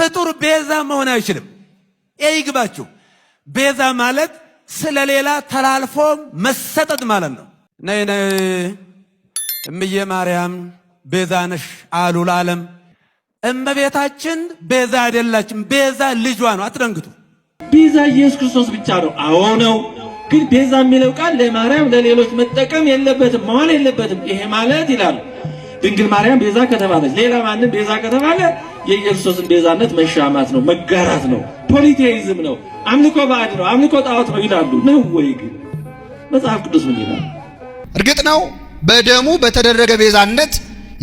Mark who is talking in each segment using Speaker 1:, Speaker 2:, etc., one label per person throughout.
Speaker 1: ፍጡር ቤዛ መሆን አይችልም። ይግባችሁ። ቤዛ ማለት ስለሌላ ተላልፎ መሰጠት ማለት ነው። ነይ ነይ እምዬ ማርያም ቤዛ ነሽ አሉ ለዓለም። እመቤታችን ቤዛ አይደላችም። ቤዛ ልጇ ነው። አትደንግጡ። ቤዛ ኢየሱስ ክርስቶስ ብቻ ነው። አዎ ነው። ግን ቤዛ የሚለው ቃል ለማርያም ለሌሎች መጠቀም የለበትም መዋል የለበትም። ይሄ ማለት ይላሉ ድንግል ማርያም ቤዛ ከተባለች ሌላ ማንም ቤዛ ከተባለ የክርስቶስን ቤዛነት መሻማት ነው፣ መጋራት ነው፣ ፖሊቴይዝም ነው፣ አምልኮ ባዕድ ነው፣ አምልኮ ጣዖት ነው ይላሉ። ነው ወይ ግን መጽሐፍ ቅዱስ ምን ይላል? እርግጥ ነው በደሙ በተደረገ ቤዛነት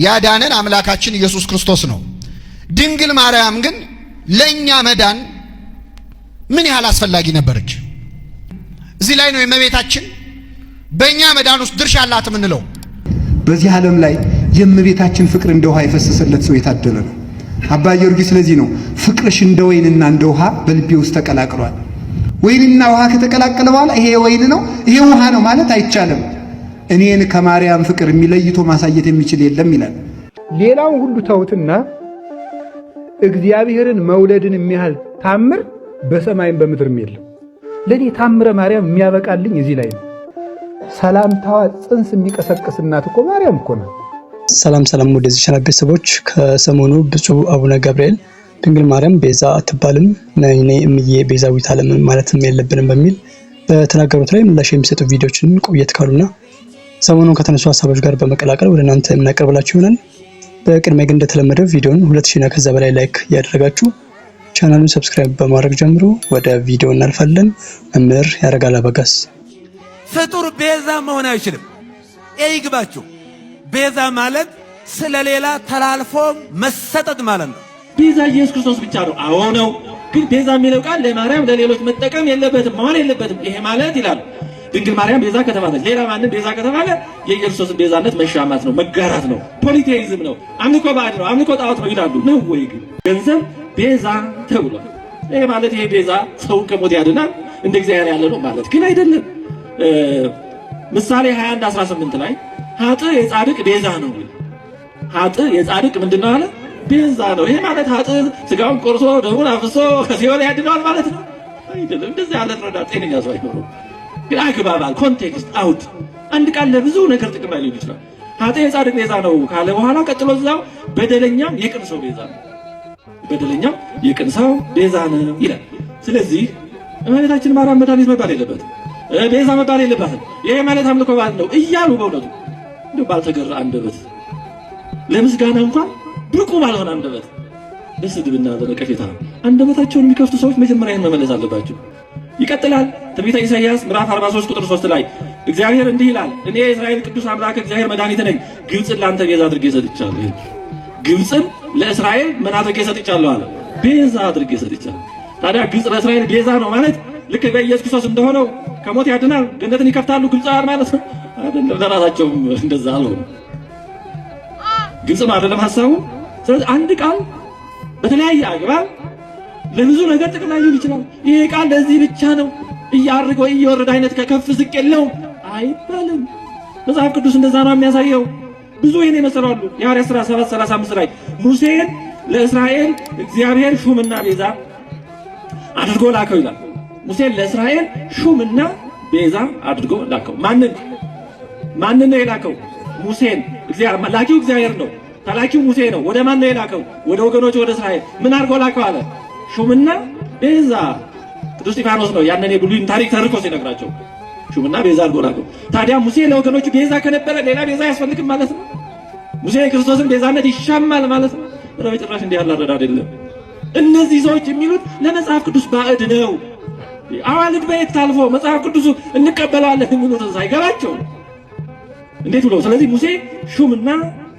Speaker 1: ያዳነን አምላካችን ኢየሱስ ክርስቶስ ነው። ድንግል ማርያም ግን ለእኛ መዳን ምን ያህል አስፈላጊ ነበረች? እዚህ ላይ ነው የእመቤታችን በእኛ መዳን ውስጥ ድርሻ አላት የምንለው። በዚህ ዓለም ላይ የእመቤታችን ፍቅር እንደ ውሃ የፈሰሰለት ሰው የታደለ ነው። አባ ጊዮርጊስ ስለዚህ ነው ፍቅርሽ እንደ ወይንና እንደ ውሃ በልቤ ውስጥ ተቀላቅሏል። ወይንና ውሃ ከተቀላቀለ በኋላ ይሄ ወይን ነው ይሄ ውሃ ነው ማለት አይቻልም። እኔን ከማርያም ፍቅር የሚለይቶ ማሳየት የሚችል የለም ይላል። ሌላውን ሁሉ ተውትና እግዚአብሔርን መውለድን የሚያህል ታምር በሰማይም በምድርም የለም። ለእኔ ታምረ ማርያም የሚያበቃልኝ እዚህ ላይ ነው። ሰላምታዋ ጽንስ የሚቀሰቅስ እናት እኮ ማርያም እኮ ናት።
Speaker 2: ሰላም ሰላም ወደዚህ ቻናል ቤተሰቦች፣ ከሰሞኑ ብፁዕ አቡነ ገብርኤል ድንግል ማርያም ቤዛ አትባልም እኔ እምዬ ቤዛዊት ዓለም ማለትም የለብንም በሚል በተናገሩት ላይ ምላሽ የሚሰጡ ቪዲዮችን ቆየት ካሉና ሰሞኑን ከተነሱ ሀሳቦች ጋር በመቀላቀል ወደ እናንተ የምናቀርብላችሁ ይሆናል። በቅድሚያ ግን እንደተለመደው ቪዲዮን ሁለት ሺና ከዛ በላይ ላይክ እያደረጋችሁ ቻናሉን ሰብስክራይብ በማድረግ ጀምሮ ወደ ቪዲዮ እናልፋለን። መምህር ያረጋል አበጋዝ
Speaker 1: ፍጡር ቤዛ መሆን አይችልም። ይግባችሁ ቤዛ ማለት ስለሌላ ተላልፎ መሰጠት ማለት ነው። ቤዛ ኢየሱስ ክርስቶስ ብቻ ነው። አዎ ነው። ግን ቤዛ የሚለው ቃል ለማርያም ለሌሎች መጠቀም የለበትም መዋል የለበትም። ይሄ ማለት ይላሉ ድንግል ማርያም ቤዛ ከተባለች ሌላ ማንም ቤዛ ከተባለ የኢየሱስን ቤዛነት መሻማት ነው፣ መጋራት ነው፣ ፖሊቴይዝም ነው፣ አምልኮ ባዕድ ነው፣ አምልኮ ጣዖት ነው ይላሉ። ነው ወይ ግን ገንዘብ ቤዛ ተብሏል። ይሄ ማለት ይሄ ቤዛ ሰው ከሞት ያድናል እንደ እግዚአብሔር ያለ ነው ማለት ግን አይደለም። ምሳሌ 21 18 ላይ ሀጥ የጻድቅ ቤዛ ነው። ሀጥ የጻድቅ ምንድነው አለ ቤዛ ነው። ይሄ ማለት ሀጥ ስጋውን ቆርሶ ደሙን አፍሶ ከሲኦል ያድነዋል ማለት ነው አይደለም። እንደዚህ ያለ ረዳት ጤነኛ ሰው አይኖርም። ግን አግባባል፣ ኮንቴክስት አውት አንድ ቃል ለብዙ ነገር ጥቅም ላይ ሊሆን ይችላል። ሀጥ የጻድቅ ቤዛ ነው ካለ በኋላ ቀጥሎ እዛው በደለኛም የቅን ሰው ቤዛ ነው፣ በደለኛም የቅን ሰው ቤዛ ነው ይላል። ስለዚህ እመቤታችን ማርያም መድኃኒት መባል የለበትም። ቤዛ መባል የለባትም ይሄ ማለት አምልኮ ማለት ነው እያሉ በእውነቱ እንደ ባልተገራ አንደበት ለምስጋና እንኳን ብቁ ባልሆነ አንደበት በስድብና በነቀፌታ አንደበታቸውን የሚከፍቱ ሰዎች መጀመሪያ መመለስ አለባቸው። ይቀጥላል። ትንቢተ ኢሳይያስ ምዕራፍ 43 ቁጥር 3 ላይ እግዚአብሔር እንዲህ ይላል፣ እኔ የእስራኤል ቅዱስ አምላክ እግዚአብሔር መድኃኒት ነኝ፣ ግብፅን ለአንተ ቤዛ አድርጌ ሰጥቻለሁ። ግብፅን ለእስራኤል ምን አድርጌ ሰጥቻለሁ አለ? ቤዛ አድርጌ ሰጥቻለሁ። ታዲያ ግብፅ ለእስራኤል ቤዛ ነው ማለት ልክ በኢየሱስ ክርስቶስ እንደሆነው ከሞት ያድናል፣ ገነትን ይከፍታሉ። ግብፃውያን ማለት ነው አይደለም፣ ለራሳቸውም እንደዛ አልሆኑ ግብፅም አይደለም ሀሳቡ። ስለዚህ አንድ ቃል በተለያየ አግባብ ለብዙ ነገር ጥቅም ላይ ሊውል ይችላል። ይሄ ቃል ለዚህ ብቻ ነው እያርግ ወይ እየወረደ አይነት ከከፍ ዝቅ የለውም አይባልም። መጽሐፍ ቅዱስ እንደዛ ነው የሚያሳየው። ብዙ ይሄን ይመስላሉ። የሐዋርያት ሥራ 7 35 ላይ ሙሴን ለእስራኤል እግዚአብሔር ሹምና ቤዛ አድርጎ ላከው ይላል። ሙሴን ለእስራኤል ሹምና ቤዛ አድርጎ ላከው። ማንን ማንን ነው የላከው? ሙሴን። ላኪው እግዚአብሔር ነው። ተላኪው ሙሴ ነው። ወደ ማን ነው የላከው? ወደ ወገኖች፣ ወደ እስራኤል። ምን አድርጎ ላከው አለ? ሹምና ቤዛ። ቅዱስ እስጢፋኖስ ነው ያንን የብሉይን ታሪክ ተርኮ ሲነግራቸው ሹምና ቤዛ አድርጎ ላከው። ታዲያ ሙሴ ለወገኖቹ ቤዛ ከነበረ ሌላ ቤዛ አያስፈልግም ማለት ነው? ሙሴ የክርስቶስን ቤዛነት ይሻማል ማለት ነው? ጭራሽ እንዲህ ያለ አይደለም። የለም። እነዚህ ሰዎች የሚሉት ለመጽሐፍ ቅዱስ ባዕድ ነው። አዋልድ በየት ታልፎ መጽሐፍ ቅዱሱ እንቀበለዋለን የሚሉትን ሳይገባቸው እንዴት ብሎ ስለዚህ ሙሴ ሹምና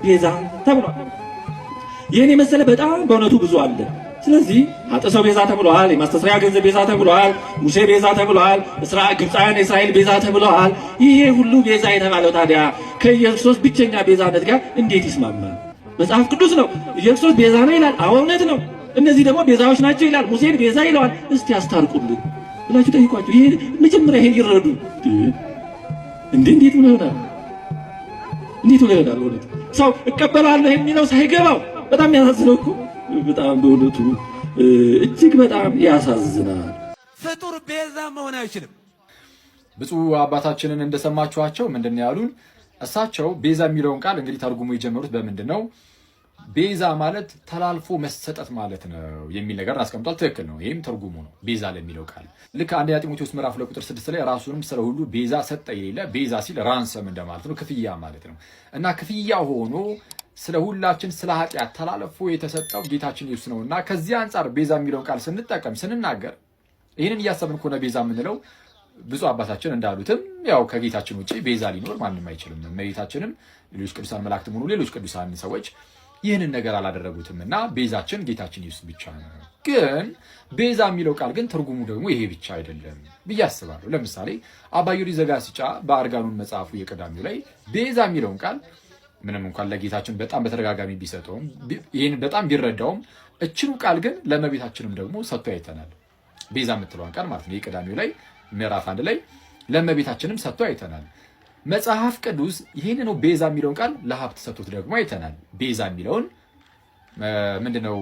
Speaker 1: ቤዛ ተብሏል። ይህን የመሰለ በጣም በእውነቱ ብዙ አለ። ስለዚህ አጥሰው ቤዛ ተብለዋል። የማስተስሪያ ገንዘብ ቤዛ ተብለዋል። ሙሴ ቤዛ ተብለዋል። ግብፃውያን እስራኤል ቤዛ ተብለዋል። ይሄ ሁሉ ቤዛ የተባለው ታዲያ ከኢየሱስ ብቸኛ ቤዛነት ጋር እንዴት ይስማማል? መጽሐፍ ቅዱስ ነው። ኢየሱስ ቤዛ ነው ይላል። አዎ እውነት ነው። እነዚህ ደግሞ ቤዛዎች ናቸው ይላል። ሙሴን ቤዛ ይለዋል። እስቲ ያስታርቁልን። ብላችሁ ጠይቋቸው። ይሄ መጀመሪያ ይሄ ይረዱ እንዴ! እንዴት ብሎ ይሆናል? እንዴት ብሎ ይሆናል? እውነት ሰው እቀበላለሁ የሚለው ሳይገባው በጣም ያሳዝነው እኮ በጣም በእውነቱ እጅግ በጣም ያሳዝናል። ፍጡር ቤዛ መሆን አይችልም። ብፁዕ አባታችንን እንደሰማችኋቸው ምንድን ነው ያሉን? እሳቸው ቤዛ የሚለውን ቃል እንግዲህ ተርጉሞ የጀመሩት በምንድን ነው ቤዛ ማለት ተላልፎ መሰጠት ማለት ነው የሚል ነገር አስቀምጧል። ትክክል ነው። ይህም ትርጉሙ ነው ቤዛ ለሚለው ቃል ልክ አንደኛ ጢሞቴዎስ ምዕራፍ ለቁጥር ስድስት ላይ ራሱንም ስለ ሁሉ ቤዛ ሰጠ የሌለ ቤዛ ሲል ራንሰም እንደማለት ነው፣ ክፍያ ማለት ነው እና ክፍያ ሆኖ ስለ ሁላችን ስለ ኃጢአት ተላልፎ የተሰጠው ጌታችን ኢየሱስ ነው እና ከዚህ አንጻር ቤዛ የሚለውን ቃል ስንጠቀም ስንናገር ይህንን እያሰብን ከሆነ ቤዛ የምንለው ብዙ አባታችን እንዳሉትም ያው ከጌታችን ውጭ ቤዛ ሊኖር ማንም አይችልም። እመቤታችንም ሌሎች ቅዱሳን መላእክትም ሆኑ ሌሎች ቅዱሳን ሰዎች ይህንን ነገር አላደረጉትም እና ቤዛችን ጌታችን ኢየሱስ ብቻ ነው። ግን ቤዛ የሚለው ቃል ግን ትርጉሙ ደግሞ ይሄ ብቻ አይደለም ብዬ አስባለሁ። ለምሳሌ አባ ዮሪ ዘጋስጫ በአርጋኑን መጽሐፉ የቀዳሚው ላይ ቤዛ የሚለውን ቃል ምንም እንኳን ለጌታችን በጣም በተደጋጋሚ ቢሰጠውም ይህን በጣም ቢረዳውም እችኑ ቃል ግን ለመቤታችንም ደግሞ ሰጥቶ አይተናል። ቤዛ የምትለዋን ቃል ማለት ነው። የቀዳሚው ላይ ምዕራፍ አንድ ላይ ለመቤታችንም ሰጥቶ አይተናል። መጽሐፍ ቅዱስ ይህን ነው ቤዛ የሚለውን ቃል ለሀብት ሰጥቶት ደግሞ አይተናል። ቤዛ የሚለውን ምንድነው?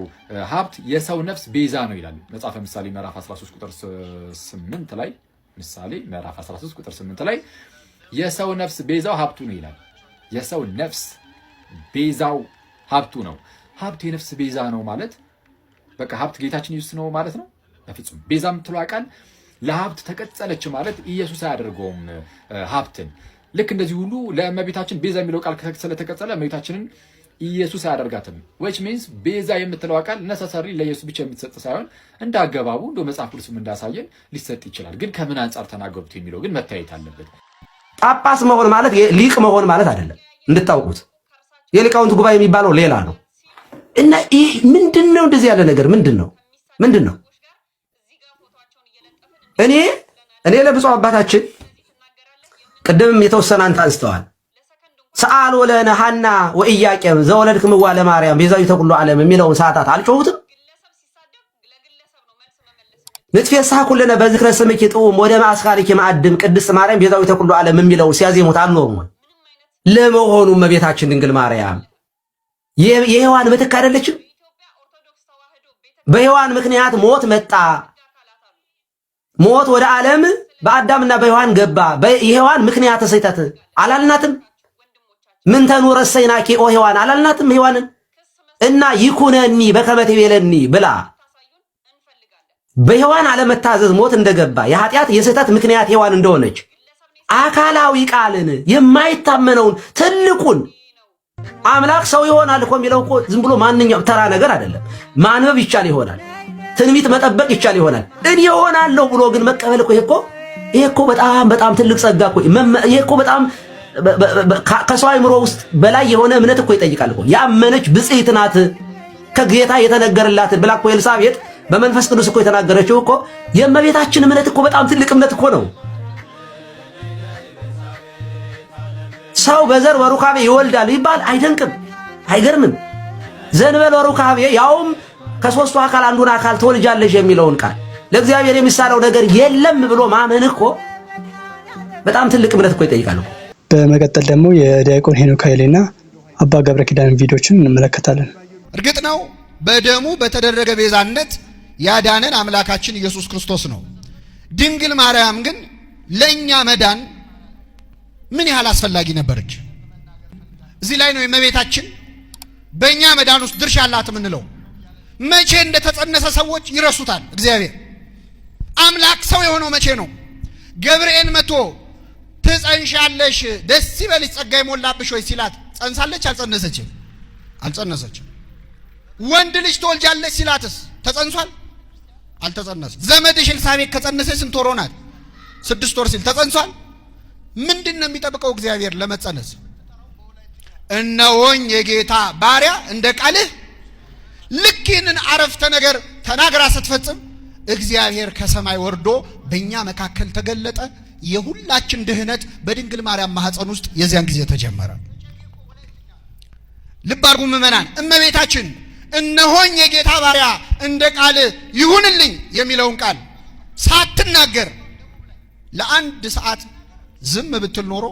Speaker 1: ሀብት የሰው ነፍስ ቤዛ ነው ይላል መጽሐፈ ምሳሌ ምዕራፍ 13 ቁጥር 8 ላይ ምሳሌ ምዕራፍ 13 ቁጥር 8 ላይ የሰው ነፍስ ቤዛው ሀብቱ ነው ይላል። የሰው ነፍስ ቤዛው ሀብቱ ነው። ሀብት የነፍስ ቤዛ ነው ማለት በቃ ሀብት ጌታችን ኢየሱስ ነው ማለት ነው? በፍጹም ቤዛ የምትለዋ ቃል ለሀብት ተቀጸለች ማለት ኢየሱስ አያደርገውም ሀብትን ልክ እንደዚህ ሁሉ ለእመቤታችን ቤዛ የሚለው ቃል ስለተቀጸለ እመቤታችንን ኢየሱስ አያደርጋትም። ዊች ሚንስ ቤዛ የምትለው ቃል ነሰሰሪ ለኢየሱስ ብቻ የምትሰጥ ሳይሆን እንደ አገባቡ እንደ መጽሐፍ ቅዱስም እንዳሳየን ሊሰጥ ይችላል። ግን ከምን አንጻር ተናገሩት የሚለው ግን መታየት አለበት። ጳጳስ መሆን ማለት ሊቅ መሆን ማለት አይደለም። እንድታውቁት የሊቃውንት ጉባኤ የሚባለው ሌላ ነው እና ይህ ምንድን ነው? እንደዚህ ያለ ነገር ምንድን ነው? ምንድን ነው? እኔ እኔ ለብፁዕ አባታችን ቅድምም የተወሰነ አንተ አንስተዋል። ሰአል ወለነ ሐና ወኢያቄም ምዋለ ለማርያም ቤዛዊተ ኩሉ ዓለም የሚለውን ሰዓታት አልጮሁትም። ንትፌሳህ ኩልነ በዝክረ ስምኪ ጥዑም ወደ ማእስካሪኪ ማዕድም ቅድስት ማርያም ቤዛዊተ ኩሉ ዓለም የሚለው ሲያዜሙት አልኖሩም። ለመሆኑ እመቤታችን ድንግል ማርያም የሔዋን ምትክ አይደለችም? በሔዋን ምክንያት ሞት መጣ። ሞት ወደ ዓለም በአዳምና በሔዋን ገባ። የሔዋን ምክንያት ሰይታት አላልናትም? ምን ተኑረ ሰይናኪ ኦ ሔዋን አላልናትም? ሔዋንን እና ይኩነኒ በከመቴ ቤለኒ ብላ በሔዋን አለመታዘዝ ሞት እንደገባ የኃጢአት የስህተት ምክንያት ሔዋን እንደሆነች አካላዊ ቃልን የማይታመነውን ትልቁን አምላክ ሰው ይሆናል እኮ የሚለው እኮ ዝም ብሎ ማንኛው ተራ ነገር አይደለም። ማንበብ ይቻል ይሆናል፣ ትንቢት መጠበቅ ይቻል ይሆናል። እኔ እሆናለሁ ብሎ ግን መቀበል እኮ ይሄ እኮ ይሄ እኮ በጣም በጣም ትልቅ ጸጋ እኮ ይሄ እኮ በጣም ከሰው አይምሮ ውስጥ በላይ የሆነ እምነት እኮ ይጠይቃል እኮ ያመነች ብፅዕት ናት ከጌታ የተነገረላትን ብላ እኮ ኤልሳቤጥ በመንፈስ ቅዱስ እኮ የተናገረችው እኮ የእመቤታችን እምነት እኮ በጣም ትልቅ እምነት እኮ ነው። ሰው በዘር ወሩካቤ ይወልዳል ይባል አይደንቅም፣ አይገርምም። ዘንበል ወሩካቤ ያውም ከሶስቱ አካል አንዱን አካል ትወልጃለሽ የሚለውን ቃል ለእግዚአብሔር የሚሳነው ነገር የለም ብሎ ማመን እኮ በጣም ትልቅ እምነት እኮ ይጠይቃል። በመቀጠል ደግሞ የዲያቆን ሄኖክ ኃይሌና አባ ገብረ ኪዳን ቪዲዮችን እንመለከታለን። እርግጥ ነው በደሙ በተደረገ ቤዛነት ያዳነን አምላካችን ኢየሱስ ክርስቶስ ነው። ድንግል ማርያም ግን ለእኛ መዳን ምን ያህል አስፈላጊ ነበረች? እዚህ ላይ ነው የእመቤታችን በእኛ መዳን ውስጥ ድርሻ አላት የምንለው። መቼ እንደተጸነሰ ሰዎች ይረሱታል እግዚአብሔር አምላክ ሰው የሆነው መቼ ነው? ገብርኤል መቶ ትጸንሻለሽ፣ ደስ ይበልሽ፣ ጸጋ የሞላብሽ ወይ ሲላት ጸንሳለች? አልጸነሰችም? አልጸነሰችም። ወንድ ልጅ ትወልጃለች ሲላትስ ተጸንሷል? አልተጸነሰ። ዘመድሽ ኤልሳቤጥ ከጸነሰች ስንት ወር ሆናት? ስድስት ወር ሲል ተጸንሷል? ምንድን ነው የሚጠብቀው እግዚአብሔር ለመጸነስ? እነሆኝ የጌታ ባሪያ እንደ ቃልህ። ልክ ይህንን አረፍተ ነገር ተናግራ ስትፈጽም እግዚአብሔር ከሰማይ ወርዶ በእኛ መካከል ተገለጠ። የሁላችን ድህነት በድንግል ማርያም ማህፀን ውስጥ የዚያን ጊዜ ተጀመረ። ልብ አርጉ ምእመናን። እመቤታችን እነሆኝ የጌታ ባሪያ እንደ ቃል ይሁንልኝ የሚለውን ቃል ሳትናገር ለአንድ ሰዓት ዝም ብትል ኖሮ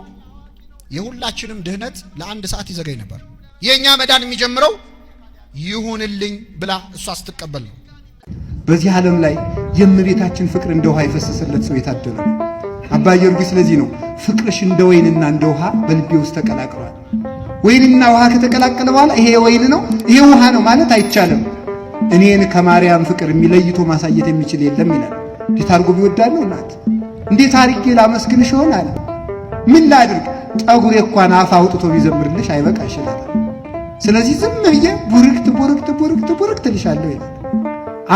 Speaker 1: የሁላችንም ድህነት ለአንድ ሰዓት ይዘገይ ነበር። የእኛ መዳን የሚጀምረው ይሁንልኝ ብላ እሷ ስትቀበል ነው። በዚህ ዓለም ላይ የእመቤታችን ፍቅር እንደ ውሃ የፈሰሰለት ሰው የታደለ ነው። አባ ጊዮርጊስ ስለዚህ ነው ፍቅርሽ እንደ ወይንና እንደ ውሃ በልቤ ውስጥ ተቀላቅሏል። ወይንና ውሃ ከተቀላቀለ በኋላ ይሄ ወይን ነው ይሄ ውሃ ነው ማለት አይቻልም። እኔን ከማርያም ፍቅር የሚለይቶ ማሳየት የሚችል የለም ይላል። እንዴት አድርጎ ቢወዳለሁ እናት፣ እንዴት አድርጌ ላመስግንሽ ይሆናል? ምን ላድርግ? ጠጉሬ እንኳን አፍ አውጥቶ ቢዘምርልሽ አይበቃሽ ይላል። ስለዚህ ዝም ብዬ ቡርክት ቡርክት ቡርክት ቡርክት ልሻለሁ ይላል።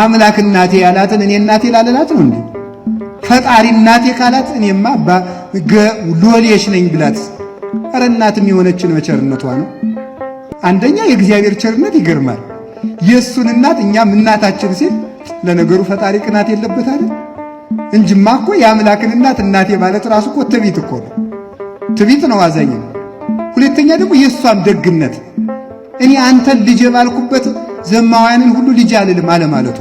Speaker 1: አምላክ እናቴ ያላትን እኔ እናቴ ላለላት ነው እንዴ? ፈጣሪ እናቴ ካላት እኔማ ሎሌሽ ነኝ ብላት። ኧረ እናትም የሆነችን መቸርነቷ ነው። አንደኛ የእግዚአብሔር ቸርነት ይገርማል። የእሱን እናት እኛም እናታችን ሲል ለነገሩ ፈጣሪ ቅናት የለበት አይደል? እንጂማ እኮ የአምላክን እናት እናቴ ማለት ራሱ እኮ ትቢት እኮ ነው፣ ትቢት ነው፣ አዛኝ ሁለተኛ ደግሞ የእሷም ደግነት እኔ አንተን ልጅ ባልኩበት ዘማውያንን ሁሉ ልጅ አልልም አለማለቷ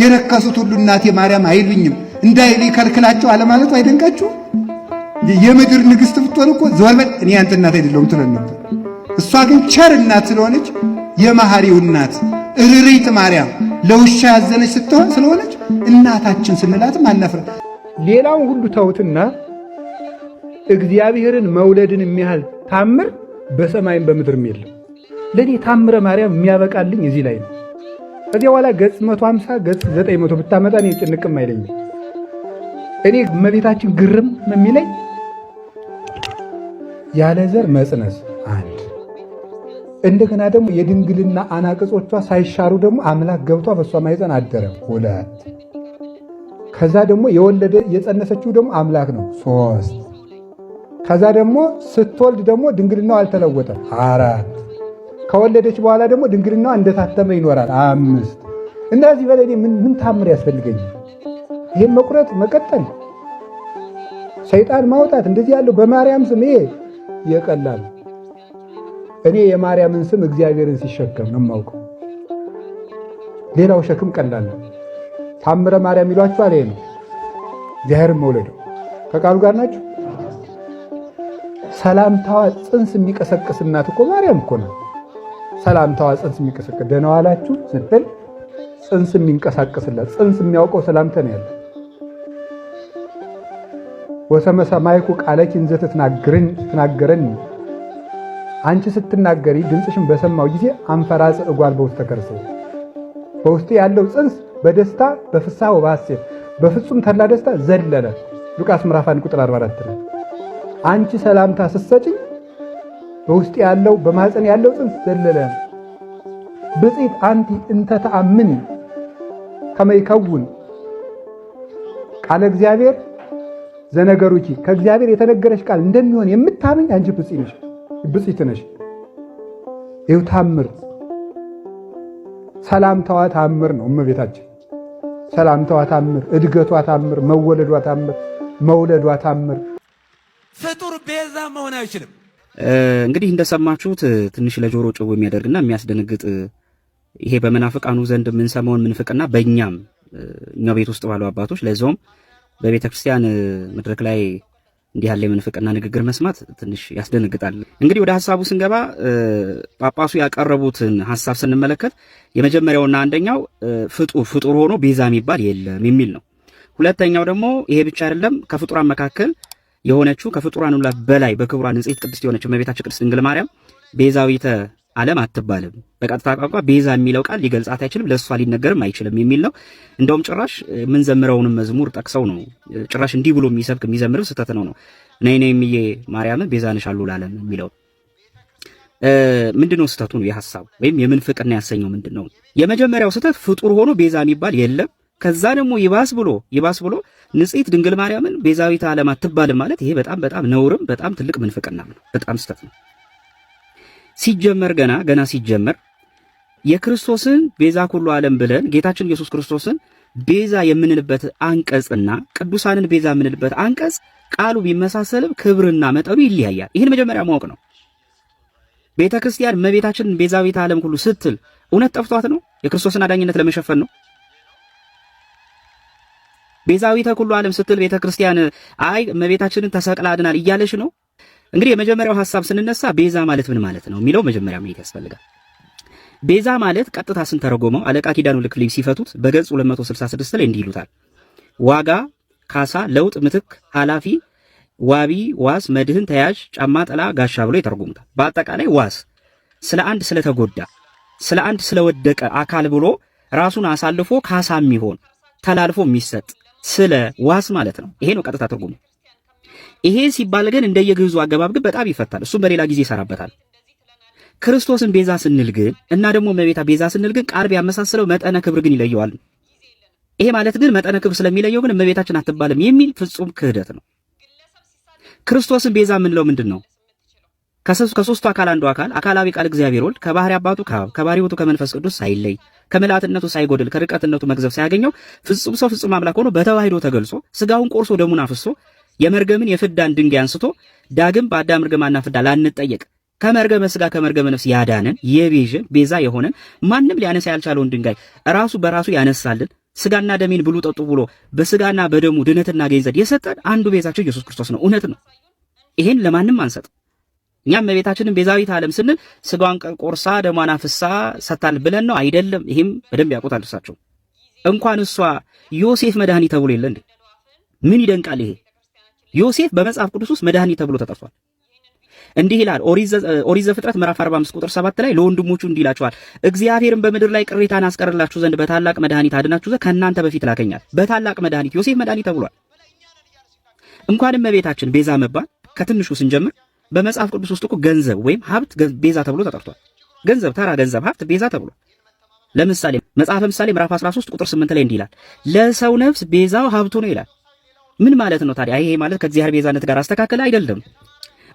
Speaker 1: የረከሱት ሁሉ እናቴ ማርያም አይሉኝም እንዳይሉ ይከልክላቸው አለማለቷ አይደንቃችሁ? የምድር ንግሥት ብትሆን እኮ ዘወር በል እኔ ያንተ እናት አይደለሁም ትለን ነበር። እሷ ግን ቸር እናት ስለሆነች የመሐሪው እናት እርሪት ማርያም ለውሻ ያዘነች ስትሆን ስለሆነች እናታችን ስንላትም አናፍረ ሌላውን ሁሉ ተውትና እግዚአብሔርን መውለድን የሚያህል ታምር በሰማይም በምድርም የለም። ለእኔ ታምረ ማርያም የሚያበቃልኝ እዚህ ላይ ነው። ከዚያ በኋላ ገጽ 150 ገጽ 900 ብታመጣ እኔ ጭንቅም አይለኝም። እኔ እመቤታችን ግርም የሚለኝ ያለ ዘር መጽነስ አንድ እንደገና ደግሞ የድንግልና አናቅጾቿ ሳይሻሩ ደግሞ አምላክ ገብቷ በእሷ ማይፀን አደረ ሁለት ከዛ ደግሞ የወለደ የጸነሰችው ደግሞ አምላክ ነው ሶስት ከዛ ደግሞ ስትወልድ ደግሞ ድንግልናው አልተለወጠም አራት ከወለደች በኋላ ደግሞ ድንግልናዋ እንደታተመ ይኖራል አምስት። እንደዚህ በላይ ምን ታምር ያስፈልገኝ? ይህን መቁረጥ መቀጠል፣ ሰይጣን ማውጣት እንደዚህ ያለው በማርያም ስም ይሄ የቀላል እኔ የማርያምን ስም እግዚአብሔርን ሲሸከም ነው የማውቀው። ሌላው ሸክም ቀላል ነው። ታምረ ማርያም ይሏችኋል። ይሄ ነው እግዚአብሔርን መውለደው። ከቃሉ ጋር ናቸው። ሰላምታዋ ጽንስ የሚቀሰቅስ እናት እኮ ማርያም እኮ ነው። ሰላምታዋ ጽንስ የሚንቀሳቀስ ደህና ዋላችሁ ስትል ጽንስ የሚንቀሳቀስላት ጽንስ የሚያውቀው ሰላምታ ነው ያለ ወሰመ ሰማይኩ ቃለኪ እንዘ ትናገረን። አንቺ ስትናገሪ ድምፅሽን በሰማው ጊዜ አንፈራጽ እጓል በውስተ ከርሰ በውስጡ ያለው ጽንስ በደስታ በፍስሐ ወበሐሴት በፍጹም ተላ ደስታ ዘለለ። ሉቃስ ምዕራፍ 1 ቁጥር 44 ነው። አንቺ ሰላምታ ስትሰጪኝ በውስጥ ያለው በማፀን ያለው ጽንስ ዘለለ ብጽት አንቲ እንተተአምን ከመይከውን ቃለ እግዚአብሔር ዘነገሩኪ ከእግዚአብሔር የተነገረች ቃል እንደሚሆን የምታምኝ አንቺ ብፅዕት ነሽ። ይኸው ታምር ሰላምታዋ ታምር ነው። እመቤታችን ሰላምታዋ ታምር፣ እድገቷ ታምር፣ መወለዷ ታምር፣ መውለዷ ታምር። ፍጡር ቤዛ መሆን አይችልም። እንግዲህ እንደሰማችሁት ትንሽ ለጆሮ ጭው የሚያደርግና የሚያስደነግጥ ይሄ በመናፍቃኑ ዘንድ የምንሰማውን ምንፍቅና በእኛም እኛው ቤት ውስጥ ባሉ አባቶች ለዛውም በቤተ ክርስቲያን መድረክ ላይ እንዲህ ያለ የምንፍቅና ንግግር መስማት ትንሽ ያስደነግጣል። እንግዲህ ወደ ሀሳቡ ስንገባ ጳጳሱ ያቀረቡትን ሀሳብ ስንመለከት የመጀመሪያውና አንደኛው ፍጡር ፍጡር ሆኖ ቤዛ የሚባል የለም የሚል ነው። ሁለተኛው ደግሞ ይሄ ብቻ አይደለም፣ ከፍጡራን መካከል የሆነችው ከፍጡራን ሁሉ በላይ በክቡራን ንጽሕት ቅድስት የሆነችው እመቤታችን ቅድስት ድንግል ማርያም ቤዛዊተ ዓለም አትባልም። በቀጥታ ቋንቋ ቤዛ የሚለው ቃል ሊገልጻት አይችልም፣ ለእሷ ሊነገርም አይችልም የሚል ነው። እንደውም ጭራሽ የምንዘምረውንም መዝሙር ጠቅሰው ነው ጭራሽ እንዲህ ብሎ የሚሰብክ የሚዘምርም ስህተት ነው ነው ነይ ነይ እምዬ ማርያም ቤዛ ነሽ አሉ ለዓለም የሚለው ምንድነው ስህተቱ ነው የሐሳቡ ወይም የምንፍቅና ያሰኘው ምንድነው? የመጀመሪያው ስህተት ፍጡር ሆኖ ቤዛ የሚባል የለም ከዛ ደግሞ ይባስ ብሎ ይባስ ብሎ ንጽሕት ድንግል ማርያምን ቤዛዊት ዓለም አትባልም ማለት ይሄ በጣም በጣም ነውርም በጣም ትልቅ ምንፍቅናም ነው፣ በጣም ስተት ነው። ሲጀመር ገና ገና ሲጀመር የክርስቶስን ቤዛ ኩሉ ዓለም ብለን ጌታችን ኢየሱስ ክርስቶስን ቤዛ የምንልበት አንቀጽና ቅዱሳንን ቤዛ የምንልበት አንቀጽ ቃሉ ቢመሳሰልም ክብርና መጠኑ ይለያያል። ይህን መጀመሪያ ማወቅ ነው። ቤተ ክርስቲያን እመቤታችንን ቤዛዊት ዓለም ሁሉ ስትል እውነት ጠፍቷት ነው? የክርስቶስን አዳኝነት ለመሸፈን ነው? ቤዛዊተ ኩሉ ዓለም ስትል ቤተ ክርስቲያን አይ እመቤታችንን ተሰቅላ አድናል እያለች ነው። እንግዲህ የመጀመሪያው ሀሳብ ስንነሳ ቤዛ ማለት ምን ማለት ነው የሚለው መጀመሪያ ማየት ያስፈልጋል። ቤዛ ማለት ቀጥታ ስንተረጎመው አለቃ ኪዳኑ ልክልኝ ሲፈቱት በገጽ 266 ላይ እንዲህ ይሉታል። ዋጋ፣ ካሳ፣ ለውጥ፣ ምትክ፣ ኃላፊ፣ ዋቢ፣ ዋስ፣ መድህን፣ ተያዥ፣ ጫማ፣ ጥላ፣ ጋሻ ብሎ ይተረጉሙታል። በአጠቃላይ ዋስ ስለ አንድ ስለተጎዳ ስለ አንድ ስለወደቀ አካል ብሎ ራሱን አሳልፎ ካሳ የሚሆን ተላልፎ የሚሰጥ ስለ ዋስ ማለት ነው። ይሄ ነው ቀጥታ ትርጉሙ። ይሄ ሲባል ግን እንደየግዙ አገባብ ግን በጣም ይፈታል። እሱም በሌላ ጊዜ ይሰራበታል። ክርስቶስን ቤዛ ስንል ግን እና ደግሞ እመቤታ ቤዛ ስንል ግን ቃል ቢያመሳስለው መጠነ ክብር ግን ይለየዋል። ይሄ ማለት ግን መጠነ ክብር ስለሚለየው ግን እመቤታችን አትባልም የሚል ፍጹም ክህደት ነው። ክርስቶስን ቤዛ የምንለው ምንድን ነው? ከሶስቱ አካል አንዱ አካል አካላዊ ቃል እግዚአብሔር ወልድ ከባህሪ አባቱ ከአብ ከባህሪ ውቱ ከመንፈስ ቅዱስ ሳይለይ ከምልአትነቱ ሳይጎድል ከርቀትነቱ መግዘፍ ሳያገኘው ፍጹም ሰው ፍጹም አምላክ ሆኖ በተዋህዶ ተገልጾ ስጋውን ቆርሶ ደሙን አፍሶ የመርገምን የፍዳን ድንጋይ አንስቶ ዳግም በአዳም እርግማና ፍዳ ላንጠየቅ ከመርገመ ስጋ ከመርገመ ነፍስ ያዳነን የቤዥን ቤዛ የሆነን ማንም ሊያነሳ ያልቻለውን ድንጋይ ራሱ በራሱ ያነሳልን ስጋና ደሜን ብሉ ጠጡ ብሎ በስጋና በደሙ ድነትና ገኝ ዘንድ የሰጠን አንዱ ቤዛችን ኢየሱስ ክርስቶስ ነው። እውነት ነው። ይሄን ለማንም አንሰጥ። እኛም እመቤታችንን ቤዛዊት ዓለም ስንል ስጋዋን ቆርሳ ደሟን አፍሳ ሰጥታል ብለን ነው አይደለም። ይህም በደንብ ያውቁታል እሳቸው። እንኳን እሷ ዮሴፍ መድኃኒት ተብሎ የለ እንዴ? ምን ይደንቃል ይሄ? ዮሴፍ በመጽሐፍ ቅዱስ ውስጥ መድኃኒት ተብሎ ተጠርቷል። እንዲህ ይላል ኦሪት ዘፍጥረት ምዕራፍ 45 ቁጥር 7 ላይ ለወንድሞቹ እንዲህ ይላቸዋል፣ እግዚአብሔርን በምድር ላይ ቅሬታን አስቀርላችሁ ዘንድ በታላቅ መድኃኒት አድናችሁ ዘንድ ከእናንተ በፊት ላከኛል። በታላቅ መድኃኒት ዮሴፍ መድኃኒት ተብሏል። እንኳንም እመቤታችን ቤዛ መባል ከትንሹ ስንጀምር በመጽሐፍ ቅዱስ ውስጥ እኮ ገንዘብ ወይም ሀብት ቤዛ ተብሎ ተጠርቷል። ገንዘብ፣ ተራ ገንዘብ፣ ሀብት ቤዛ ተብሎ ለምሳሌ መጽሐፈ ምሳሌ ምዕራፍ 13 ቁጥር 8 ላይ እንዲህ ይላል፣ ለሰው ነፍስ ቤዛው ሀብቱ ነው ይላል። ምን ማለት ነው ታዲያ? ይሄ ማለት ከእግዚአብሔር ቤዛነት ጋር አስተካከለ አይደለም።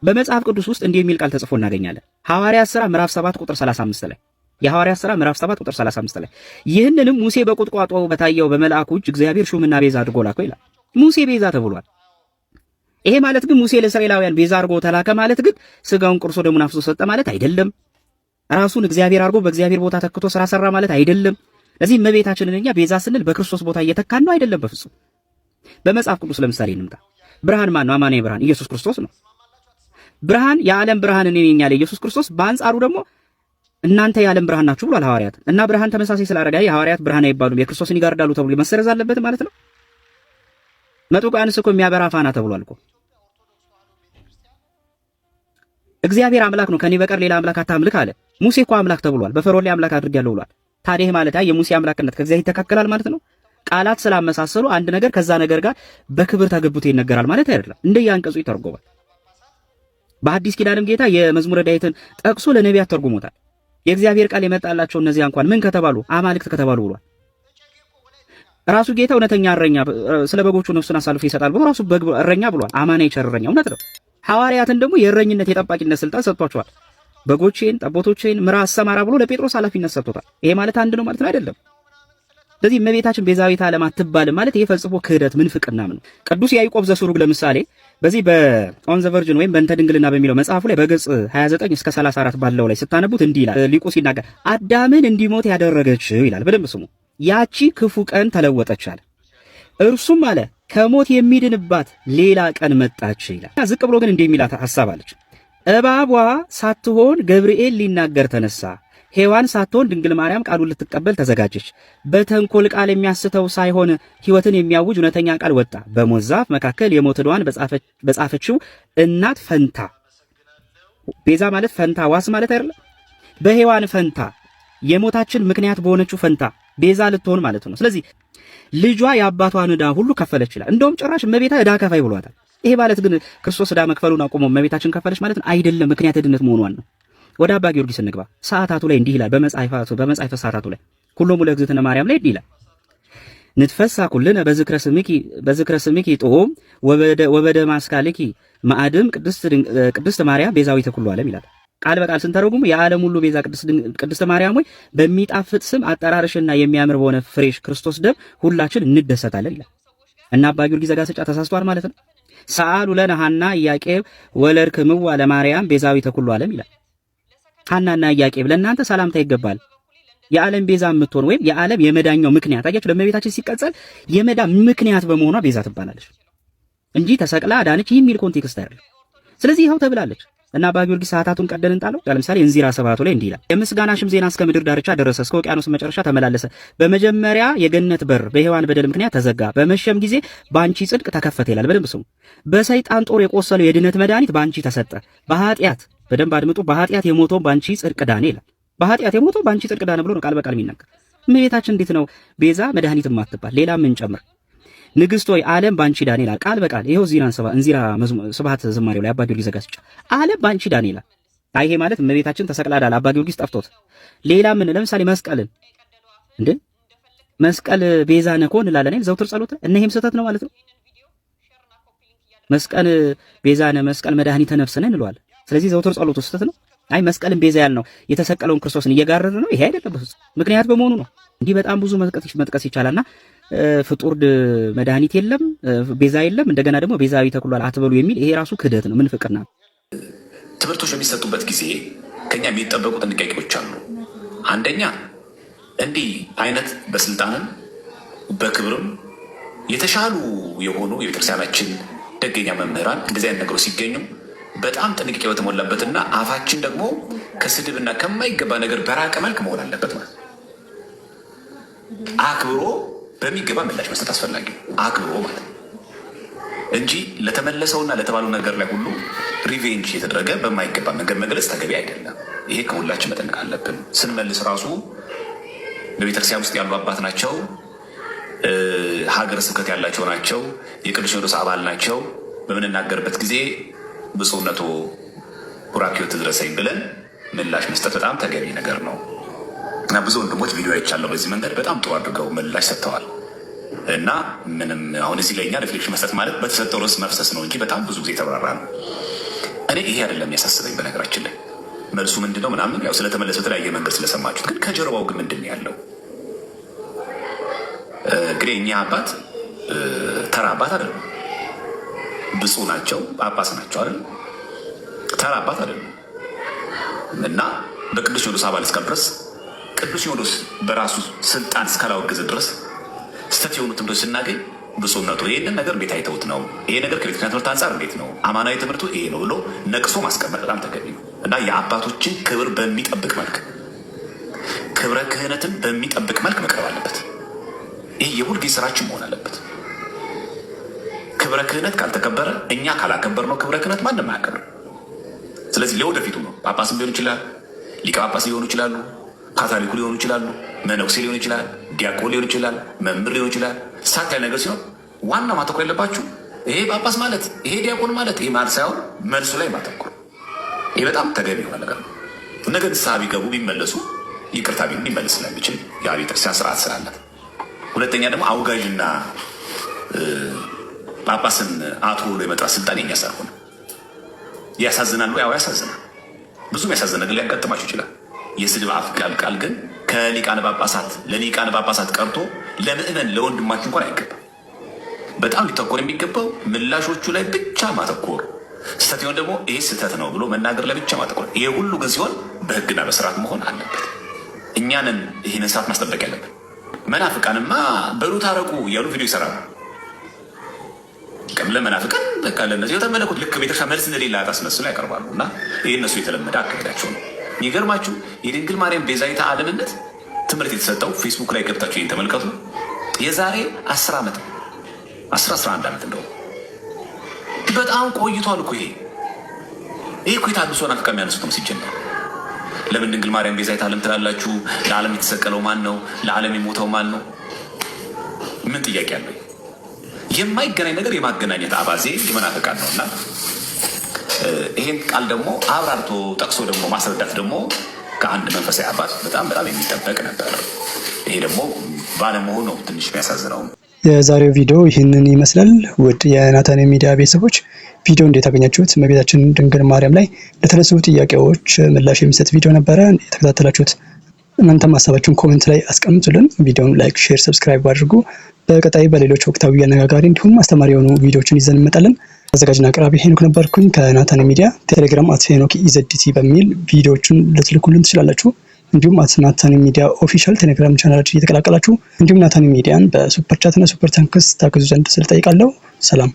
Speaker 1: በመጽሐፍ ቅዱስ ውስጥ እንዲህ የሚል ቃል ተጽፎ እናገኛለን። ሐዋርያት ሥራ ምዕራፍ 7 ቁጥር 35 ላይ የሐዋርያት ሥራ ምዕራፍ 7 ቁጥር 35 ላይ ይህንንም ሙሴ በቁጥቋጦው በታየው በመልአኩ እጅ እግዚአብሔር ሹምና ቤዛ አድርጎ ላከው ይላል። ሙሴ ቤዛ ተብሏል። ይሄ ማለት ግን ሙሴ ለእስራኤላውያን ቤዛ አድርጎ ተላከ ማለት ግን ስጋውን ቆርሶ ደሙን አፍሶ ሰጠ ማለት አይደለም። ራሱን እግዚአብሔር አድርጎ በእግዚአብሔር ቦታ ተክቶ ስራ ሰራ ማለት አይደለም። ለዚህ እመቤታችንን እኛ ቤዛ ስንል በክርስቶስ ቦታ እየተካን ነው አይደለም። በፍጹም በመጽሐፍ ቅዱስ ለምሳሌ እንምጣ። ብርሃን ማን ነው? አማኔ ብርሃን ኢየሱስ ክርስቶስ ነው። ብርሃን የዓለም ብርሃን እኔ ነኝ ያለ ኢየሱስ ክርስቶስ በአንጻሩ ደግሞ እናንተ የዓለም ብርሃን ናችሁ ብሏል ሐዋርያት እና ብርሃን ተመሳሳይ ስላደረገ የሐዋርያት ብርሃን አይባሉም የክርስቶስን ይጋርዳሉ ተብሎ መሰረዝ አለበት ማለት ነው። መጥምቀ እኮ የሚያበራ ፋና ተብሏል እኮ እግዚአብሔር አምላክ ነው፣ ከኔ በቀር ሌላ አምላክ አታምልክ አለ። ሙሴ እኮ አምላክ ተብሏል። በፈርዖን ላይ አምላክ አድርጌያለሁ ብሏል። ታዲያ ማለት የሙሴ አምላክነት ከእግዚአብሔር ይተካከላል ማለት ነው። ቃላት ስላመሳሰሉ አንድ ነገር ከዛ ነገር ጋር በክብር ተገብቶ ይነገራል ማለት አይደለም። እንደየአንቀጹ ይተርጎማል። በአዲስ ኪዳንም ጌታ የመዝሙረ ዳዊትን ጠቅሶ ለነቢያት ተርጉሞታል። የእግዚአብሔር ቃል የመጣላቸው እነዚያ እንኳን ምን ከተባሉ አማልክት ከተባሉ ብሏል። ራሱ ጌታ እውነተኛ እረኛ ስለ በጎቹ ነፍሱን አሳልፎ ይሰጣል ብሎ ራሱ እረኛ ብሏል። አማና የቸር እረኛ እውነት ነው። ሐዋርያትን ደግሞ የእረኝነት የጠባቂነት ስልጣን ሰጥቷቸዋል። በጎቼን ጠቦቶቼን ምራ አሰማራ ብሎ ለጴጥሮስ ኃላፊነት ሰጥቶታል። ይሄ ማለት አንድ ነው ማለት ነው አይደለም። ስለዚህ እመቤታችን ቤዛዊት ዓለም አትባልም ማለት ይሄ ፈጽሞ ክህደት ምንፍቅና ነው። ቅዱስ ያዕቆብ ዘሱሩግ ለምሳሌ በዚህ በኦን ዘ ቨርጅን ወይም በእንተ ድንግልና በሚለው መጽሐፉ ላይ በገጽ 29 እስከ 34 ባለው ላይ ስታነቡት እንዲህ ይላል። ሊቁ ሲናገር አዳምን እንዲሞት ያደረገችው ይላል። በደንብ ስሙ። ያቺ ክፉ ቀን ተለወጠች አለ እርሱም አለ ከሞት የሚድንባት ሌላ ቀን መጣች ይላል። ዝቅ ብሎ ግን እንዲህ የሚላት ሐሳብ አለች። እባቧ ሳትሆን ገብርኤል ሊናገር ተነሳ። ሔዋን ሳትሆን ድንግል ማርያም ቃሉን ልትቀበል ተዘጋጀች። በተንኮል ቃል የሚያስተው ሳይሆን ሕይወትን የሚያውጅ እውነተኛ ቃል ወጣ። በሞት ዛፍ መካከል የሞት ዕዳዋን በጻፈችው እናት ፈንታ ቤዛ ማለት ፈንታ ዋስ ማለት አይደለም። በሔዋን ፈንታ የሞታችን ምክንያት በሆነችው ፈንታ ቤዛ ልትሆን ማለት ነው። ስለዚህ ልጇ የአባቷን ዕዳ ሁሉ ከፈለች ይላል። እንደውም ጭራሽ እመቤታ ዕዳ ከፋይ ብሏታል። ይሄ ማለት ግን ክርስቶስ ዕዳ መክፈሉን አቁሞ እመቤታችን ከፈለች ማለት ነው አይደለም፣ ምክንያት ድነት መሆኗን ነው። ወደ አባ ጊዮርጊስ እንግባ። ሰዓታቱ ላይ እንዲህ ይላል። በመጽሐፈ ሰዓታቱ ላይ ሁሉም ለእግዝእትነ ማርያም ላይ እንዲህ ይላል ንትፈሳ ኩልነ በዝክረ ስምኪ ጥዑም ወበደ ማስካልኪ ማዕድም ቅድስት ማርያም ቤዛዊተ ኩሉ ዓለም ይላል። ቃል በቃል ስንተረጉሙ የዓለም ሁሉ ቤዛ ቅድስት ማርያም ሆይ በሚጣፍጥ ስም አጠራርሽና የሚያምር በሆነ ፍሬሽ ክርስቶስ ደም ሁላችን እንደሰታለን ይላል እና አባ ጊዮርጊስ ዘጋስጫ ተሳስቷል ማለት ነው። ሰአሉ ለነ ሐና ኢያቄም ወለርክምዋ ለማርያም ቤዛዊተ ኩሉ ዓለም ይላል። ሐናና ኢያቄም ለእናንተ ሰላምታ ይገባል። የዓለም ቤዛ የምትሆን ወይም የዓለም የመዳኛው ምክንያት አያችሁ፣ ለእመቤታችን ሲቀጸል የመዳ ምክንያት በመሆኗ ቤዛ ትባላለች እንጂ ተሰቅላ አዳነች የሚል ኮንቴክስት አይደለም። ስለዚህ ይኸው ተብላለች እና አባ ጊዮርጊስ ሰዓታቱን ቀደን እንጣለው። ለምሳሌ እንዚራ ሰባቱ ላይ እንዲህ ይላል፣ የምስጋናሽም ዜና እስከ ምድር ዳርቻ ደረሰ፣ እስከ ውቅያኖስ መጨረሻ ተመላለሰ። በመጀመሪያ የገነት በር በሔዋን በደል ምክንያት ተዘጋ፣ በመሸም ጊዜ በአንቺ ጽድቅ ተከፈተ ይላል። በደንብ ስሙ። በሰይጣን ጦር የቆሰለው የድነት መድኃኒት በአንቺ ተሰጠ፣ በኃጢአት በደንብ አድምጡ። በኃጢአት የሞተው በአንቺ ጽድቅ ዳነ ይላል። በኃጢአት የሞተው በአንቺ ጽድቅ ዳነ ብሎ ነው ቃል በቃል የሚናገር። እመቤታችን እንዴት ነው ቤዛ መድኃኒት ማትባል ሌላ ምን ጨምር ንግስት ሆይ ዓለም ባንቺ ዳንኤላ ቃል በቃል ይሄው ይኸው ሰባ እንዚራ ስብሐት ዝማሬው ላይ አባ ጊዮርጊስ ዘጋስጫ ዓለም ባንቺ ዳንኤላ። ይሄ ማለት እመቤታችን ተሰቅላዳል አባ ጊዮርጊስ ጠፍቶት። ሌላ ምን ለምሳሌ መስቀልን እንዴ መስቀል ቤዛ ነኮ እንላለን ዘውትር ጸሎት። እነዚህም ስህተት ነው ማለት ነው። መስቀል ቤዛ ነ መስቀል መድኃኒተ ነፍስ ነን እንለዋለን። ስለዚህ ዘውትር ጸሎቱ ስህተት ነው። አይ መስቀልን ቤዛ ያልነው የተሰቀለውን ክርስቶስን እየጋረደ ነው። ይሄ አይደለም፣ ምክንያት በመሆኑ ነው። እንዲህ በጣም ብዙ መጥቀስ ይቻላልና ፍጡር መድኃኒት የለም፣ ቤዛ የለም። እንደገና ደግሞ ቤዛዊ ተክሏል አትበሉ የሚል ይሄ ራሱ ክህደት ነው። ምን ፍቅር ናት? ትምህርቶች በሚሰጡበት ጊዜ ከኛ የሚጠበቁ ጥንቃቄዎች አሉ። አንደኛ እንዲህ አይነት በስልጣንም በክብርም የተሻሉ የሆኑ የቤተክርስቲያናችን ደገኛ መምህራን እንደዚህ አይነት ነገሮች ሲገኙ በጣም ጥንቃቄ በተሞላበትና አፋችን ደግሞ ከስድብና ከማይገባ ነገር በራቀ መልክ መሆን አለበት ማለት አክብሮ በሚገባ ምላሽ መስጠት አስፈላጊ አክብሮ ማለት ነው እንጂ ለተመለሰውና ለተባለው ነገር ላይ ሁሉ ሪቬንጅ የተደረገ በማይገባ መንገድ መግለጽ ተገቢ አይደለም። ይሄ ከሁላችን መጠንቀቅ አለብን። ስንመልስ ራሱ በቤተክርስቲያን ውስጥ ያሉ አባት ናቸው፣ ሀገረ ስብከት ያላቸው ናቸው፣ የቅዱስ ሲኖዶስ አባል ናቸው። በምንናገርበት ጊዜ ብፁዕነቱ ቡራኪዮ ትድረሰኝ ብለን ምላሽ መስጠት በጣም ተገቢ ነገር ነው እና ብዙ ወንድሞች ቪዲዮ አይቻለሁ። በዚህ መንገድ በጣም ጥሩ አድርገው ምላሽ ሰጥተዋል። እና ምንም አሁን እዚህ ላይ ሪፍሌክሽን መስጠት ማለት በተሰጠው ርዕስ መፍሰስ ነው እንጂ በጣም ብዙ ጊዜ የተብራራ ነው። እኔ ይሄ አይደለም ያሳስበኝ። በነገራችን ላይ መልሱ ምንድን ነው ምናምን ያው ስለተመለሰ በተለያየ መንገድ ስለሰማችሁት፣ ግን ከጀርባው ግን ምንድን ነው ያለው? እንግዲህ እኛ አባት ተራ አባት አይደለም። ብፁ ናቸው፣ ጳጳስ ናቸው አይደለም። ተራ አባት አይደለም እና በቅዱስ ሲኖዶስ አባል እስከ ድረስ ቅዱስ ሲኖዶስ በራሱ ስልጣን እስካላወገዘ ድረስ ስተት የሆኑ ትምህርት ስናገኝ ብፁዕነቱ ይህንን ነገር እንዴት አይተውት ነው? ይሄ ነገር ከቤተ ትምህርት አንጻር እንዴት ነው? አማናዊ ትምህርቱ ይሄ ነው ብሎ ነቅሶ ማስቀመጥ በጣም ተገቢ ነው እና የአባቶችን ክብር በሚጠብቅ መልክ ክብረ ክህነትን በሚጠብቅ መልክ መቅረብ አለበት። ይህ የሁልጊዜ ስራችን መሆን አለበት። ክብረ ክህነት ካልተከበረ እኛ ካላከበር ነው ክብረ ክህነት ማንም አያከብር። ስለዚህ ለወደፊቱ ነው ጳጳስም ሊሆን ይችላል፣ ሊቀ ጳጳስ ሊሆኑ ይችላሉ፣ ካታሊኩ ሊሆኑ ይችላሉ መነኩሴ ሊሆን ይችላል፣ ዲያቆን ሊሆን ይችላል፣ መምህር ሊሆን ይችላል። ሳት ያለ ነገር ሲሆን ዋና ማተኮር ያለባችሁ ይሄ ጳጳስ ማለት ይሄ ዲያቆን ማለት ይሄ ማለት ሳይሆን መልሱ ላይ ማተኮር። ይሄ በጣም ተገቢ የሆነ ነገር ነው። ነገ ንስሐ ቢገቡ ቢመለሱ ይቅርታ ቢሉ ሊመለስ ስለሚችል የቤተክርስቲያን ስርዓት ስላላት፣ ሁለተኛ ደግሞ አውጋዥና ጳጳስን አቶ ብሎ የመጥራት ስልጣን የኛ ነው። ያሳዝናሉ። ያው ያሳዝናል። ብዙም ያሳዝን ነገር ሊያጋጥማችሁ ይችላል። የስድብ አፍ ቃል ቃል ግን ከሊቃነ ጳጳሳት ለሊቃነ ጳጳሳት ቀርቶ ለምእመን ለወንድማችሁ እንኳን አይገባም። በጣም ሊተኮር የሚገባው ምላሾቹ ላይ ብቻ ማተኮር፣ ስህተት ሲሆን ደግሞ ይህ ስህተት ነው ብሎ መናገር ላይ ብቻ ማተኮር። ይህ ሁሉ ግን ሲሆን በህግና በስርዓት መሆን አለበት። እኛንን ይህንን ስርዓት ማስጠበቅ ያለብን። መናፍቃንማ በሉ ታረቁ እያሉ ቪዲዮ ይሰራሉ። ቀም ለመናፍቃን በቃ ለነዚህ የተመለኩት ልክ ቤተሻ መልስ እንደሌላ ታስመስሎ ያቀርባሉ። እና ይህ እነሱ የተለመደ አካሄዳቸው ነው። የሚገርማችሁ የድንግል ማርያም ቤዛዊተ ዓለምነት ትምህርት የተሰጠው ፌስቡክ ላይ ገብታችሁ ይህን ተመልከቱ። የዛሬ አስር ዓመት አስራ አስራ አንድ ዓመት እንደው በጣም ቆይቷል እኮ ይሄ ይህ እኮ የታድሶ ናፍቃ የሚያነሱት ሲጀመር ለምን ድንግል ማርያም ቤዛዊተ ዓለም ትላላችሁ? ለዓለም የተሰቀለው ማን ነው? ለዓለም የሞተው ማን ነው? ምን ጥያቄ አለ? የማይገናኝ ነገር የማገናኘት አባዜ የመናፈቃት ነውና ይህን ቃል ደግሞ አብራርቶ ጠቅሶ ደግሞ ማስረዳት ደግሞ ከአንድ መንፈሳዊ አባት በጣም በጣም የሚጠበቅ ነበር። ይሄ ደግሞ ባለመሆኑ ነው ትንሽ የሚያሳዝነው። የዛሬው ቪዲዮ ይህንን ይመስላል። ውድ የናታን ሚዲያ ቤተሰቦች ቪዲዮ እንዴት አገኛችሁት? እመቤታችን ድንግል ማርያም ላይ ለተነሱ ጥያቄዎች ምላሽ የሚሰጥ ቪዲዮ ነበረ የተከታተላችሁት። እናንተም ሀሳባችሁን ኮሜንት ላይ አስቀምጡልን። ቪዲዮን ላይክ፣ ሼር፣ ሰብስክራይብ አድርጉ። በቀጣይ በሌሎች ወቅታዊ አነጋጋሪ እንዲሁም አስተማሪ የሆኑ ቪዲዮዎችን ይዘን እንመጣለን። አዘጋጅና አቅራቢ ሄኖክ ነበርኩኝ ከናታን ሚዲያ። ቴሌግራም አት ሄኖክ ኢዘዲቲ በሚል ቪዲዮዎቹን ልትልኩልን ትችላላችሁ። እንዲሁም አት ናታን ሚዲያ ኦፊሻል ቴሌግራም ቻናላችን እየተቀላቀላችሁ እንዲሁም ናታን ሚዲያን በሱፐር ቻትና ሱፐር ታንክስ ታግዙ ዘንድ ስል ጠይቃለሁ። ሰላም።